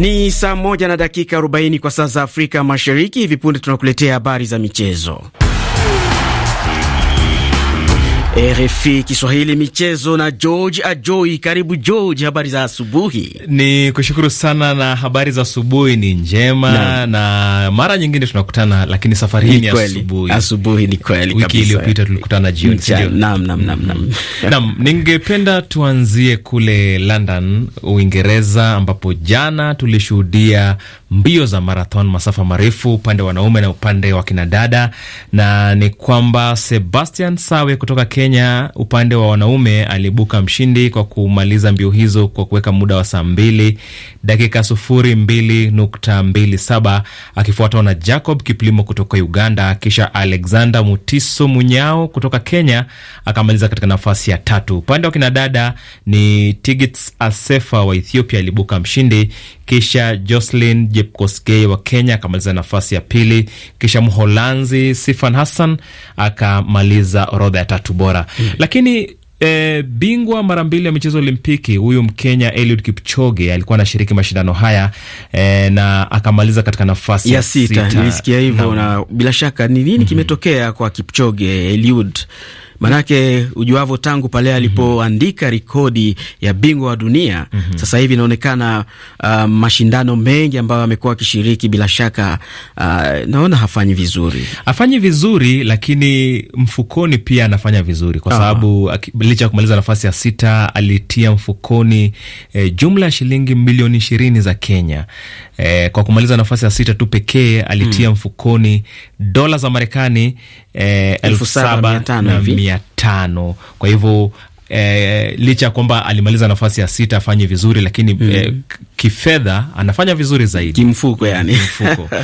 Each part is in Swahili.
Ni saa moja na dakika 40 kwa saa za Afrika Mashariki. Hivi punde tunakuletea habari za michezo. RFI Kiswahili michezo na George Ajoi. Karibu George, habari za asubuhi. Ni kushukuru sana na habari za asubuhi ni njema na, na mara nyingine tunakutana, lakini safari hii ni asubuhi. Asubuhi ni kweli kabisa. Wiki iliyopita tulikutana jioni. Naam, naam, naam, naam. Mm. Naam, ningependa tuanzie kule London, Uingereza ambapo jana tulishuhudia mbio za marathon masafa marefu upande wa wanaume na upande wa kinadada, na ni kwamba Sebastian Sawe kutoka Kenya upande wa wanaume alibuka mshindi kwa kumaliza mbio hizo kwa kuweka muda wa saa mbili dakika sufuri mbili nukta mbili saba akifuatwa na Jacob Kiplimo kutoka Uganda, kisha Alexander Mutiso Munyao kutoka Kenya akamaliza katika nafasi ya tatu. Upande wa kinadada ni Tigits Asefa wa Ethiopia alibuka mshindi, kisha Jocelyn Jep Koskei wa Kenya akamaliza nafasi ya pili, kisha Mholanzi Sifan Hassan akamaliza orodha ya tatu bora mm. Lakini e, bingwa mara mbili ya michezo Olimpiki huyu Mkenya Eliud Kipchoge alikuwa anashiriki mashindano haya e, na akamaliza katika nafasi ya sita. Nilisikia hivyo na bila shaka ni nini mm -hmm. kimetokea kwa Kipchoge Eliud Manake ujuavyo, tangu pale alipoandika rekodi ya bingwa wa dunia mm -hmm. Sasa hivi inaonekana uh, mashindano mengi ambayo amekuwa akishiriki, bila shaka uh, naona hafanyi vizuri, hafanyi vizuri, lakini mfukoni pia anafanya vizuri kwa ah. sababu licha ya kumaliza nafasi ya sita alitia mfukoni eh, jumla ya shilingi milioni ishirini za Kenya. Eh, kwa kumaliza nafasi ya sita tu pekee alitia mm. mfukoni dola za Marekani eh, elfu saba na mia tano kwa hivyo eh, licha ya kwamba alimaliza nafasi ya sita afanye vizuri, lakini mm -hmm. eh, kifedha anafanya vizuri zaidi kimfuko, yani kimfuko.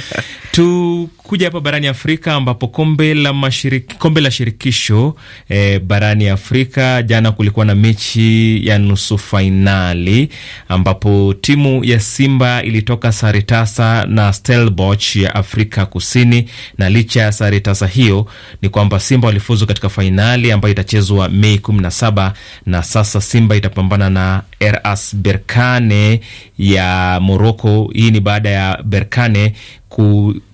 Tukuja hapa barani Afrika ambapo kombe la mashiriki, kombe la shirikisho eh, barani Afrika jana kulikuwa na mechi ya nusu fainali ambapo timu ya Simba ilitoka sare tasa na Stellenbosch ya Afrika Kusini, na licha ya sare tasa hiyo ni kwamba Simba walifuzu katika fainali ambayo itachezwa Mei 17 na sasa Simba itapambana na RS Berkane ya Moroko. Hii ni baada ya Berkane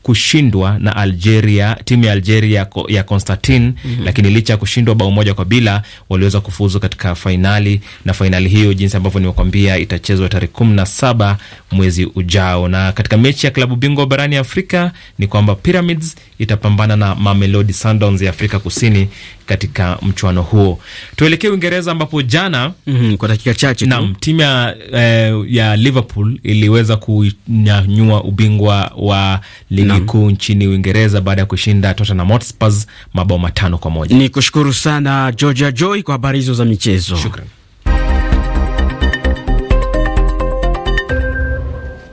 kushindwa na Algeria, timu ya Algeria ya Constantine mm -hmm. Lakini licha ya kushindwa bao moja kwa bila, waliweza kufuzu katika fainali, na fainali hiyo jinsi ambavyo nimekwambia itachezwa tarehe kumi na saba mwezi ujao. Na katika mechi ya klabu bingwa barani Afrika ni kwamba Pyramids itapambana na Mamelodi Sundowns ya Afrika Kusini katika mchuano huo. Tuelekee Uingereza ambapo jana mm -hmm, kwa dakika chache naam, timu ya, eh, ya Liverpool iliweza kunyanyua ubingwa wa ligi kuu nchini Uingereza baada ya kushinda Tottenham Hotspur mabao matano kwa moja. Ni kushukuru sana Georgia Joy kwa habari hizo za michezo. Shukran.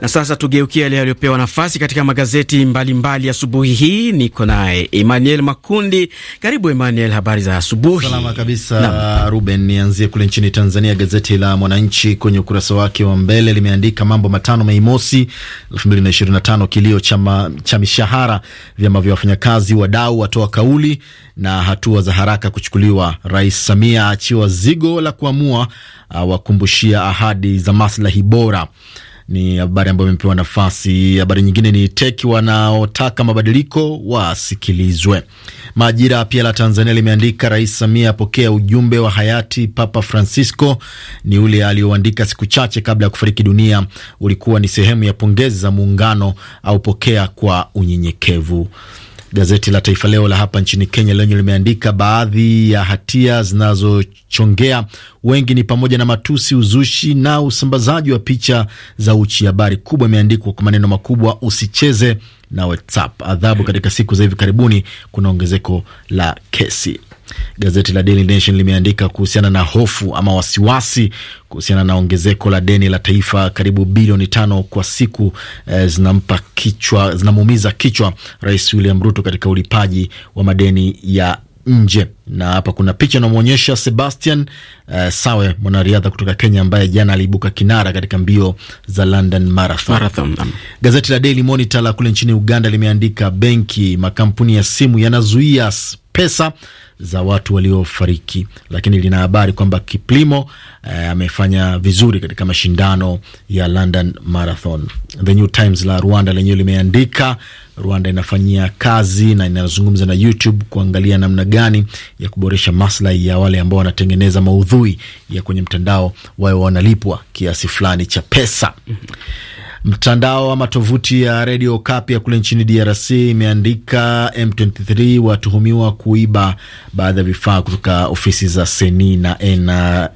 Na sasa tugeukia yale yaliyopewa nafasi katika magazeti mbalimbali asubuhi hii. Niko naye Emmanuel Makundi. Karibu Emmanuel, habari za asubuhi? Salama kabisa na Ruben, nianzie kule nchini Tanzania. Gazeti la Mwananchi kwenye ukurasa wake wa mbele limeandika mambo matano Mei Mosi 2025, kilio cha mishahara, vyama vya wafanyakazi, wadau watoa kauli na hatua za haraka kuchukuliwa. Rais Samia achiwa zigo la kuamua, wakumbushia ahadi za maslahi bora. Ni habari ambayo imepewa nafasi. Habari nyingine ni teki wanaotaka mabadiliko wasikilizwe. Majira pia la Tanzania limeandika Rais Samia apokea ujumbe wa hayati Papa Francisco. Ni ule alioandika siku chache kabla ya kufariki dunia, ulikuwa ni sehemu ya pongezi za muungano, aupokea kwa unyenyekevu. Gazeti la Taifa Leo la hapa nchini Kenya lenye limeandika baadhi ya hatia zinazochongea wengi ni pamoja na matusi, uzushi na usambazaji wa picha za uchi. Habari kubwa imeandikwa kwa maneno makubwa, usicheze na WhatsApp. Adhabu katika siku za hivi karibuni, kuna ongezeko la kesi. Gazeti la Daily Nation limeandika kuhusiana na hofu ama wasiwasi kuhusiana na ongezeko la deni la taifa karibu bilioni tano kwa siku eh, zinampa kichwa, zinamuumiza kichwa Rais William Ruto katika ulipaji wa madeni ya nje na hapa kuna picha inamwonyesha Sebastian uh, Sawe, mwanariadha kutoka Kenya ambaye jana aliibuka kinara katika mbio za London Marathon. Marathon. Gazeti la Daily Monitor la kule nchini Uganda limeandika benki, makampuni ya simu yanazuia pesa za watu waliofariki, lakini lina habari kwamba Kiplimo eh, amefanya vizuri katika mashindano ya London Marathon. The New Times la Rwanda lenyewe limeandika Rwanda inafanyia kazi na inazungumza na YouTube kuangalia namna gani ya kuboresha maslahi ya wale ambao wanatengeneza maudhui ya kwenye mtandao, wawe wanalipwa kiasi fulani cha pesa. Mhm. Mtandao ama tovuti ya redio Kapya kule nchini DRC imeandika M23 watuhumiwa kuiba baadhi ya vifaa kutoka ofisi za seni na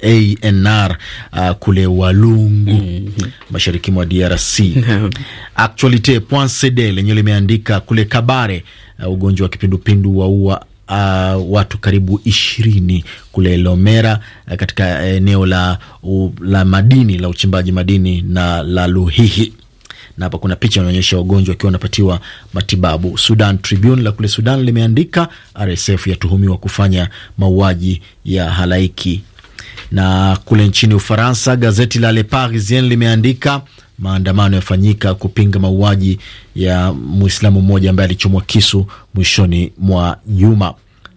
ANR uh, kule Walungu mm -hmm. mashariki mwa DRC Actualite cd lenyewe limeandika kule Kabare, uh, ugonjwa wa kipindupindu waua uh, watu karibu ishirini kule Lomera uh, katika eneo la, u, la madini la uchimbaji madini na la Luhihi na hapa kuna picha inaonyesha wagonjwa wakiwa wanapatiwa matibabu. Sudan Tribune la kule Sudan limeandika RSF yatuhumiwa kufanya mauaji ya halaiki. Na kule nchini Ufaransa, gazeti la Le Parisien limeandika maandamano yafanyika kupinga mauaji ya Muislamu mmoja ambaye alichomwa kisu mwishoni mwa juma.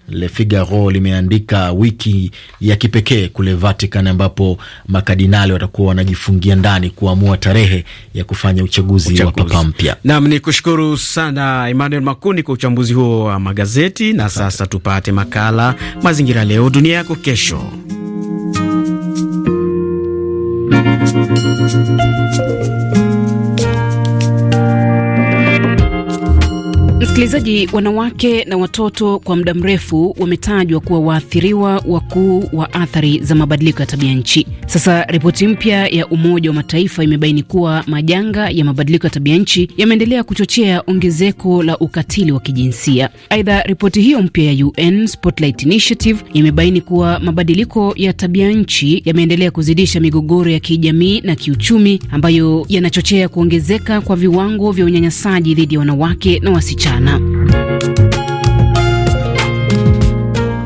Le Figaro limeandika wiki ya kipekee kule Vatican ambapo makadinali watakuwa wanajifungia ndani kuamua tarehe ya kufanya uchaguzi, uchaguzi wa papa mpya. Nam ni kushukuru sana Emmanuel Makundi kwa uchambuzi huo wa magazeti na sasa tupate makala Mazingira Leo Dunia Yako Kesho. Msikilizaji, wanawake na watoto kwa muda mrefu wametajwa kuwa waathiriwa wakuu wa athari za mabadiliko ya tabia nchi. Sasa ripoti mpya ya Umoja wa Mataifa imebaini kuwa majanga ya mabadiliko ya tabia nchi yameendelea kuchochea ongezeko la ukatili wa kijinsia. Aidha, ripoti hiyo mpya ya UN Spotlight Initiative imebaini kuwa mabadiliko ya tabia nchi yameendelea kuzidisha migogoro ya kijamii na kiuchumi ambayo yanachochea kuongezeka kwa viwango vya unyanyasaji dhidi ya wanawake na wasichana sana.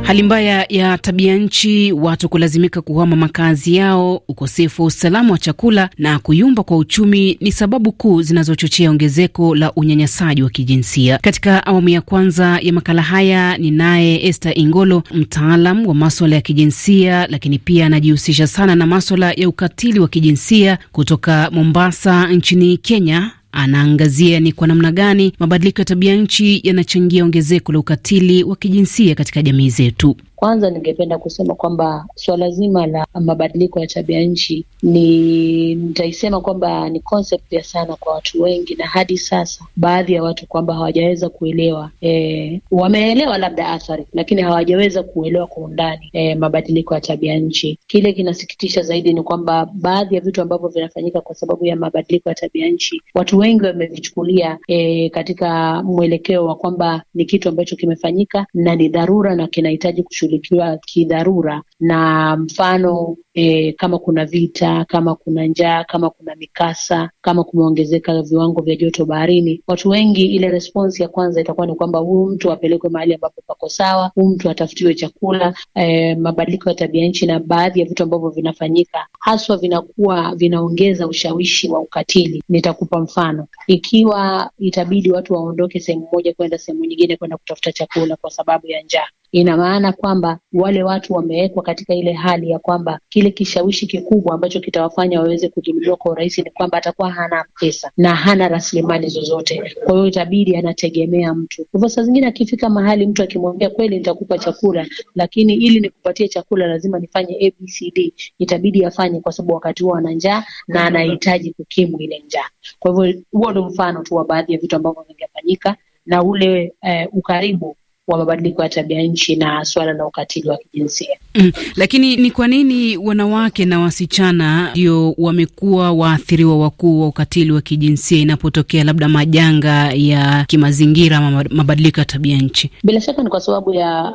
Hali mbaya ya tabia nchi, watu kulazimika kuhama makazi yao, ukosefu wa usalama wa chakula na kuyumba kwa uchumi ni sababu kuu zinazochochea ongezeko la unyanyasaji wa kijinsia. Katika awamu ya kwanza ya makala haya ni naye Esther Ingolo, mtaalam wa maswala ya kijinsia, lakini pia anajihusisha sana na maswala ya ukatili wa kijinsia kutoka Mombasa nchini Kenya Anaangazia ni kwa namna gani mabadiliko ya tabia nchi yanachangia ongezeko la ukatili wa kijinsia katika jamii zetu. Kwanza ningependa kusema kwamba suala zima la mabadiliko ya tabia nchi ni nitaisema kwamba ni concept ya sana kwa watu wengi, na hadi sasa baadhi ya watu kwamba hawajaweza kuelewa e, wameelewa labda athari, lakini hawajaweza kuelewa kwa undani e, mabadiliko ya tabia nchi. Kile kinasikitisha zaidi ni kwamba baadhi ya vitu ambavyo vinafanyika kwa sababu ya mabadiliko ya tabia nchi, watu wengi wamevichukulia e, katika mwelekeo wa kwamba ni kitu ambacho kimefanyika na ni dharura na kinahitaji kushughulikiwa kushughulikiwa kidharura, na mfano e, kama kuna vita, kama kuna njaa, kama kuna mikasa, kama kumeongezeka viwango vya joto baharini, watu wengi, ile response ya kwanza itakuwa ni kwamba huyu mtu apelekwe mahali ambapo pako sawa, huyu mtu atafutiwe chakula. E, mabadiliko ya tabia nchi na baadhi ya vitu ambavyo vinafanyika haswa vinakuwa vinaongeza ushawishi wa ukatili. Nitakupa mfano, ikiwa itabidi watu waondoke sehemu moja kwenda sehemu nyingine kwenda kutafuta chakula kwa sababu ya njaa, Ina maana kwamba wale watu wamewekwa katika ile hali ya kwamba kile kishawishi kikubwa ambacho kitawafanya waweze kudhulumiwa kwa urahisi ni kwamba atakuwa hana pesa na hana rasilimali zozote, kwa hiyo itabidi anategemea mtu. Hivyo saa zingine akifika mahali mtu akimwambia kweli, nitakupa chakula, lakini ili nikupatie chakula lazima nifanye ABCD, itabidi afanye, kwa sababu wakati huo ana njaa na anahitaji kukimu ile njaa. Kwa hivyo huo ndo mfano tu wa baadhi ya vitu ambavyo vingefanyika na ule eh, ukaribu wa mabadiliko ya tabia nchi na suala la ukatili wa kijinsia. Mm, lakini ni kwa nini wanawake na wasichana ndio wamekuwa waathiriwa wakuu wa ukatili wa kijinsia inapotokea labda majanga ya kimazingira ama mabadiliko ya tabia nchi? Bila shaka ni kwa sababu ya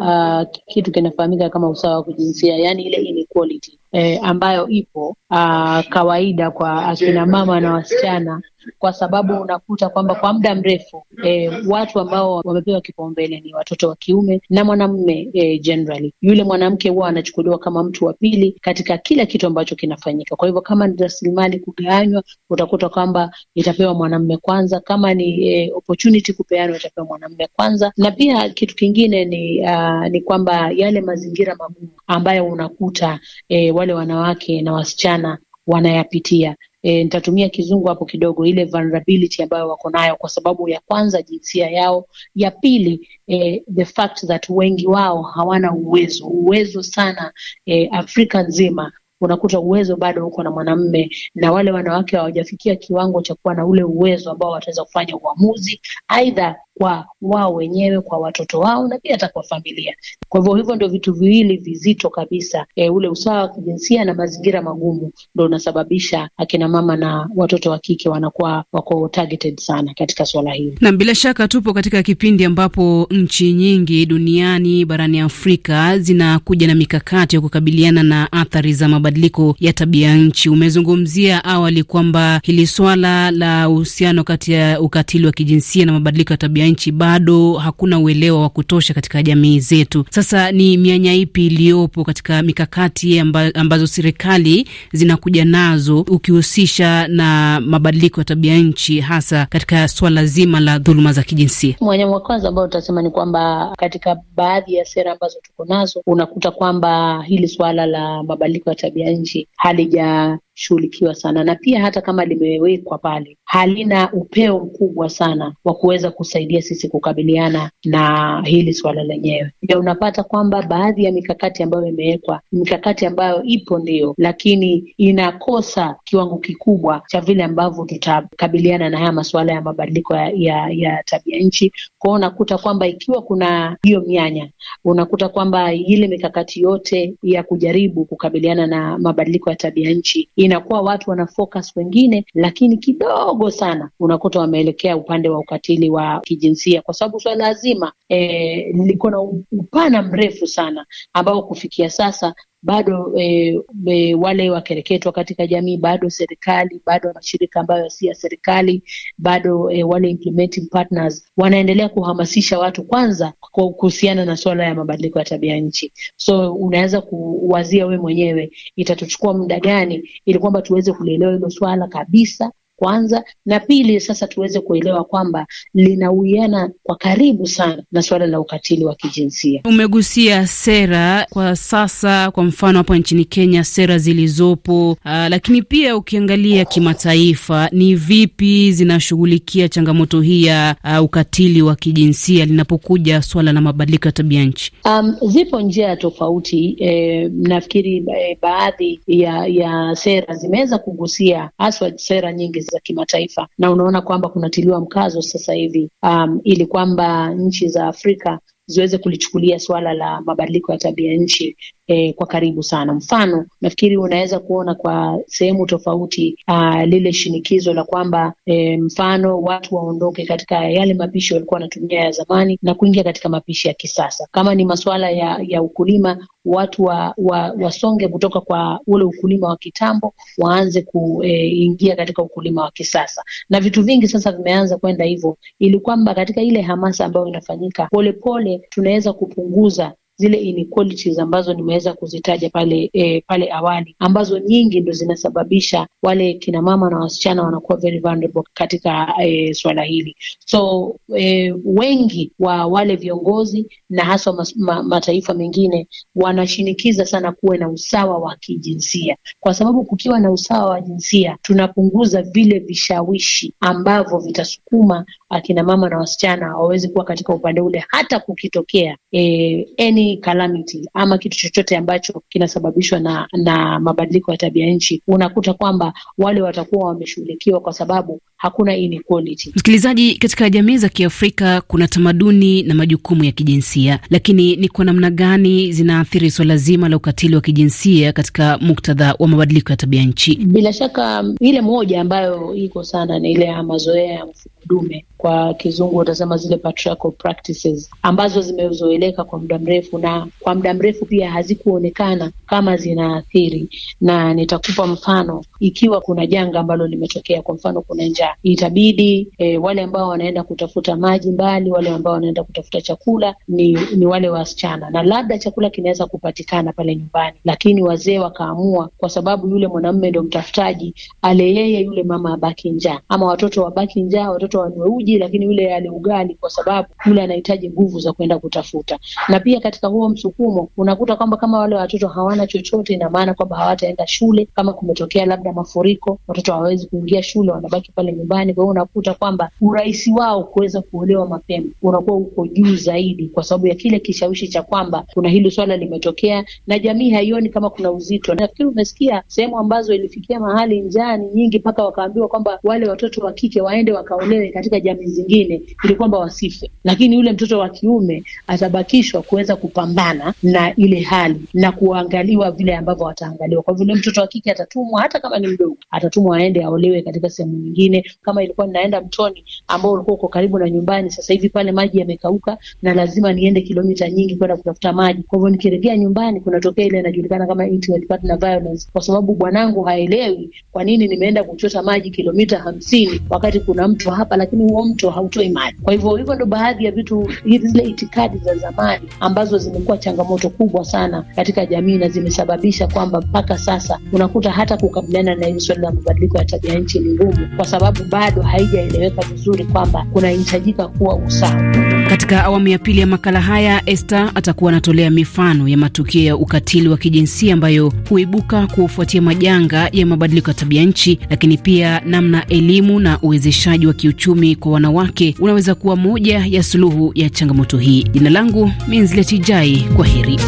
uh, kitu kinafahamika kama usawa wa kijinsia, yani ile inequality eh, ambayo ipo uh, kawaida kwa akina mama na wasichana kwa sababu unakuta kwamba kwa muda mrefu e, watu ambao wamepewa kipaumbele ni watoto wa kiume na mwanamume e, generally yule mwanamke huwa anachukuliwa kama mtu wa pili katika kila kitu ambacho kinafanyika. Kwa hivyo kama ni rasilimali kugawanywa, utakuta kwamba itapewa mwanamume kwanza, kama ni e, opportunity kupeanwa, itapewa mwanamume kwanza. Na pia kitu kingine ni uh, ni kwamba yale mazingira magumu ambayo unakuta e, wale wanawake na wasichana wanayapitia e, nitatumia kizungu hapo kidogo, ile vulnerability ambayo wako nayo, kwa sababu ya kwanza jinsia yao, ya pili e, the fact that wengi wao hawana uwezo uwezo sana e, Afrika nzima unakuta uwezo bado uko na mwanamme na wale wanawake hawajafikia kiwango cha kuwa na ule uwezo ambao wataweza kufanya uamuzi aidha kwa wao wenyewe, kwa watoto wao na pia hata kwa familia. Kwa hivyo hivyo ndio vitu viwili vizito kabisa e, ule usawa wa kijinsia na mazingira magumu ndo unasababisha akina mama na watoto wa kike wanakuwa wako targeted sana katika swala hili. Na bila shaka tupo katika kipindi ambapo nchi nyingi duniani barani Afrika zinakuja na mikakati ya kukabiliana na athari za mabadiliko ya tabia nchi. Umezungumzia awali kwamba hili swala la uhusiano kati ya ukatili wa kijinsia na mabadiliko ya tabia nchi bado hakuna uelewa wa kutosha katika jamii zetu. Sasa ni mianya ipi iliyopo katika mikakati amba, ambazo serikali zinakuja nazo ukihusisha na mabadiliko ya tabia nchi, hasa katika swala zima la dhuluma za kijinsia? Mwanya wa kwanza ambao utasema ni kwamba katika baadhi ya sera ambazo tuko nazo unakuta kwamba hili swala la mabadiliko ya tabia nchi halija shughulikiwa sana, na pia hata kama limewekwa pale halina upeo mkubwa sana wa kuweza kusaidia sisi kukabiliana na hili swala lenyewe. Ndio unapata kwamba baadhi ya mikakati ambayo imewekwa, mikakati ambayo ipo ndio lakini inakosa kiwango kikubwa cha vile ambavyo tutakabiliana na haya masuala ya mabadiliko ya, ya, ya tabia nchi. Kwao unakuta kwamba ikiwa kuna hiyo mianya, unakuta kwamba ile mikakati yote ya kujaribu kukabiliana na mabadiliko ya tabia nchi inakuwa watu wana focus wengine, lakini kidogo sana unakuta wameelekea upande wa ukatili wa kijinsia, kwa sababu swala zima eh, liko na upana mrefu sana ambao kufikia sasa bado e, e, wale wakereketwa katika jamii, bado serikali, bado mashirika ambayo si ya serikali, bado e, wale implementing partners wanaendelea kuhamasisha watu kwanza kuhusiana na suala ya mabadiliko ya tabia nchi. So unaweza kuwazia we mwenyewe itatuchukua muda gani ili kwamba tuweze kulielewa hilo swala kabisa kwanza, na pili, sasa tuweze kuelewa kwamba linauiana kwa karibu sana na suala la ukatili wa kijinsia. Umegusia sera kwa sasa, kwa mfano hapa nchini Kenya sera zilizopo, uh, lakini pia ukiangalia kimataifa ni vipi zinashughulikia changamoto hii ya uh, ukatili wa kijinsia linapokuja swala la mabadiliko ya tabia nchi? Um, zipo njia tofauti eh, nafikiri eh, baadhi ya, ya sera zimeweza kugusia haswa sera nyingi za kimataifa, na unaona kwamba kunatiliwa mkazo sasa hivi um, ili kwamba nchi za Afrika ziweze kulichukulia suala la mabadiliko ya tabia nchi eh, kwa karibu sana. Mfano, nafikiri unaweza kuona kwa sehemu tofauti aa, ah, lile shinikizo la kwamba eh, mfano watu waondoke katika yale mapishi walikuwa wanatumia ya zamani na kuingia katika mapishi ya kisasa. Kama ni masuala ya, ya ukulima, watu wa, wa, wasonge kutoka kwa ule ukulima wa kitambo waanze kuingia eh, katika ukulima wa kisasa, na vitu vingi sasa vimeanza kwenda hivyo, ili kwamba katika ile hamasa ambayo inafanyika polepole tunaweza kupunguza zile inequalities ambazo nimeweza kuzitaja pale e, pale awali ambazo nyingi ndo zinasababisha wale kina mama na wasichana wanakuwa very vulnerable katika e, swala hili. So e, wengi wa wale viongozi na haswa ma, ma, mataifa mengine wanashinikiza sana kuwe na usawa wa kijinsia, kwa sababu kukiwa na usawa wa jinsia tunapunguza vile vishawishi ambavyo vitasukuma akina mama na wasichana wawezi kuwa katika upande ule, hata kukitokea e, any calamity ama kitu chochote ambacho kinasababishwa na, na mabadiliko ya tabia nchi, unakuta kwamba wale watakuwa wameshughulikiwa kwa sababu hakuna inequality. Msikilizaji, katika jamii za Kiafrika kuna tamaduni na majukumu ya kijinsia, lakini ni kwa namna gani zinaathiri swala zima la ukatili wa kijinsia katika muktadha wa mabadiliko ya tabia nchi? Bila shaka um, ile moja ambayo iko sana ni ile ya mazoea ya dume, kwa kizungu utasema zile patriarchal practices ambazo zimezoeleka kwa muda mrefu, na kwa muda mrefu pia hazikuonekana kama zinaathiri. Na nitakupa mfano, ikiwa kuna janga ambalo limetokea, kwa mfano kuna njaa, itabidi e, wale ambao wanaenda kutafuta maji mbali, wale ambao wanaenda kutafuta chakula ni, ni wale wasichana, na labda chakula kinaweza kupatikana pale nyumbani, lakini wazee wakaamua, kwa sababu yule mwanamume ndo mtafutaji, ale yeye yule mama abaki njaa, ama watoto wabaki njaa, watoto mtoto wanywe uji, lakini yule ale ugali, kwa sababu yule anahitaji nguvu za kwenda kutafuta. Na pia katika huo msukumo unakuta kwamba kama wale watoto hawana chochote, ina maana kwamba hawataenda shule. Kama kumetokea labda mafuriko, watoto hawawezi kuingia shule, wanabaki pale nyumbani. Kwa hiyo unakuta kwamba urahisi wao kuweza kuolewa mapema unakuwa uko juu zaidi, kwa sababu ya kile kishawishi cha kwamba kuna hili swala limetokea na jamii haioni kama kuna uzito. Nafikiri umesikia sehemu ambazo ilifikia mahali njaa ni nyingi, mpaka wakaambiwa kwamba wale watoto wa kike waende wakaolewe katika jamii zingine ili kwamba wasife, lakini yule mtoto wa kiume atabakishwa kuweza kupambana na ile hali na kuangaliwa vile ambavyo wataangaliwa. Kwa vile mtoto wa kike atatumwa, hata kama ni mdogo, atatumwa aende aolewe katika sehemu nyingine. Kama ilikuwa ninaenda mtoni ambao ulikuwa uko karibu na nyumbani, sasa hivi pale maji yamekauka na lazima niende kilomita nyingi kwenda kutafuta maji. Kwa hivyo nikirejea nyumbani, kunatokea ile inajulikana kama intimate partner violence, kwa sababu bwanangu haelewi kwa nini nimeenda kuchota maji kilomita hamsini wakati kuna mtu hapa lakini huo mto hautoi maji. Kwa hivyo hivyo ndo baadhi ya vitu, zile itikadi za zamani ambazo zimekuwa changamoto kubwa sana katika jamii na zimesababisha kwamba mpaka sasa unakuta hata kukabiliana na hili swali la mabadiliko ya tabia nchi ni ngumu, kwa sababu bado haijaeleweka vizuri kwamba kunahitajika kuwa usawa. Katika awamu ya pili ya makala haya, Esther atakuwa anatolea mifano ya matukio ya ukatili wa kijinsia ambayo huibuka kufuatia majanga ya mabadiliko ya tabia nchi, lakini pia namna elimu na uwezeshaji wa kiuchumi kiuchumi kwa wanawake unaweza kuwa moja ya suluhu ya changamoto hii. Jina langu Minzileti Jai, kwa heri.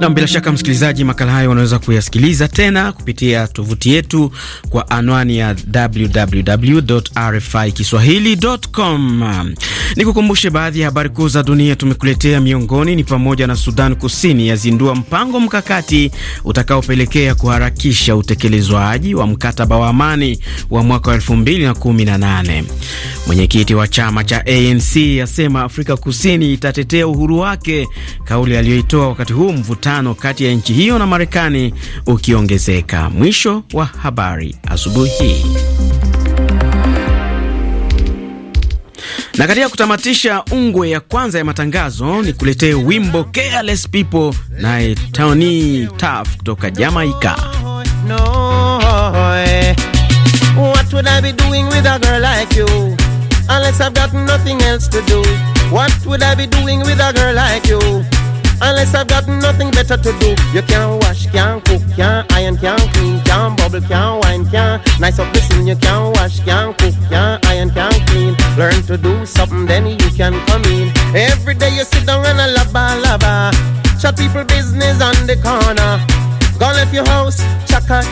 Nam, bila shaka msikilizaji, makala hayo unaweza kuyasikiliza tena kupitia tovuti yetu kwa anwani ya rfi kiswahilicom Nikukumbushe baadhi ya habari kuu za dunia tumekuletea, miongoni ni pamoja na Sudan Kusini yazindua mpango mkakati utakaopelekea kuharakisha utekelezwaji wa mkataba wa amani wa mwaka wa 2018. Mwenyekiti wa chama cha ANC asema Afrika Kusini itatetea uhuru wake, kauli aliyoitoa wakati huu mvutano kati ya nchi hiyo na Marekani ukiongezeka. Mwisho wa habari asubuhi hii. Na katika kutamatisha ungwe ya kwanza ya matangazo, ni kuletee wimbo Careless People naye Tony Taf kutoka Jamaika. No, what would I be doing with a girl like you unless I've got nothing else to do? What would I be doing with a girl like you unless I've got nothing better to do? You can't wash, can't cook, can't iron, can't clean, can't bubble, can't wine, can't nice up the scene. You can't wash, can't cook. learn to do something, then you can come in. Every day you sit down and a laba laba. Chat people business on the corner. Gonna left your house, chaka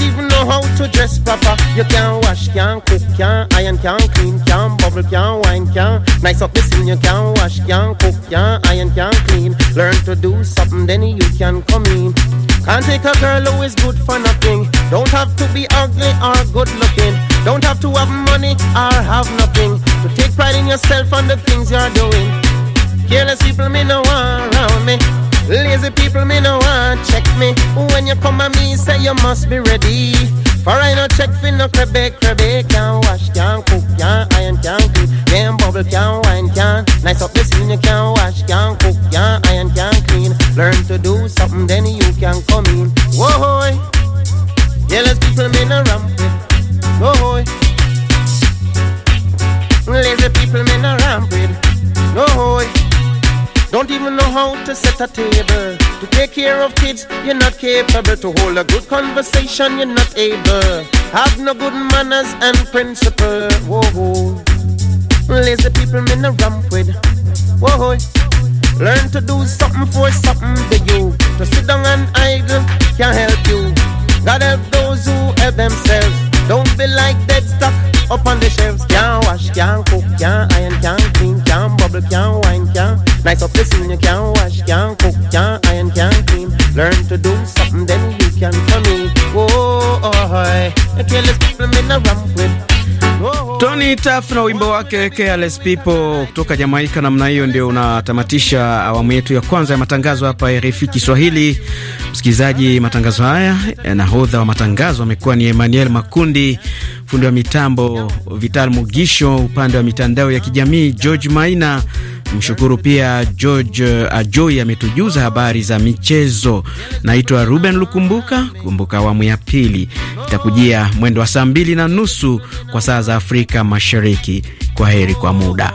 don't even know how to dress proper. You can't wash, can't cook, can't iron, can't clean, can't bubble, can't wine, can't nice up the scene. You can't wash, can't cook, can't iron, can't clean. Learn to do something, then you can come in. Can't take a girl who is good for nothing. Don't have to be ugly or good looking. Don't have to have money or have nothing. To so take pride in yourself and the things you're doing. Careless people may know around me. Lazy people, me no want check me. When you come at me, say you must be ready. For I no check fi no Quebec, Quebec Can't wash, can't cook, can't iron, can't clean Can't bubble, can't wine, can't Nice up the scene, you can't wash, can't cook, can't iron, can't clean Learn to do something, then you can come in Whoa, jealous people me no ramp with Whoa, lazy people me no ramp with Whoa, don't even know how to set a table. To take care of kids, you're not capable. To hold a good conversation, you're not able. Have no good manners and principle. Whoa, whoa. Lazy people, me no ramp with. Whoa, whoa. Learn to do something for something to you. To sit down and idle can help you. God help those who help themselves. Don't be like dead stock up on the shelves. Can't wash, can't cook, can't iron, can't clean, can't bubble, can't wine, can't Nice up the scene, you can wash, can cook, can iron, can clean. Learn to do something, then you can come in. Oh, oh, I can't let a ramp with Tony Taf na wimbo wake Careless People kutoka Jamaika. Namna hiyo ndio unatamatisha awamu yetu ya kwanza ya matangazo hapa RFI Kiswahili. Msikilizaji, matangazo haya eh, nahodha wa matangazo amekuwa ni Emmanuel Makundi, fundi wa mitambo Vital Mugisho, upande wa mitandao ya kijamii George Maina Mshukuru pia George Ajoi ametujuza habari za michezo. Naitwa Ruben Lukumbuka. Kumbuka awamu ya pili itakujia mwendo wa saa mbili na nusu kwa saa za Afrika Mashariki. Kwa heri kwa muda.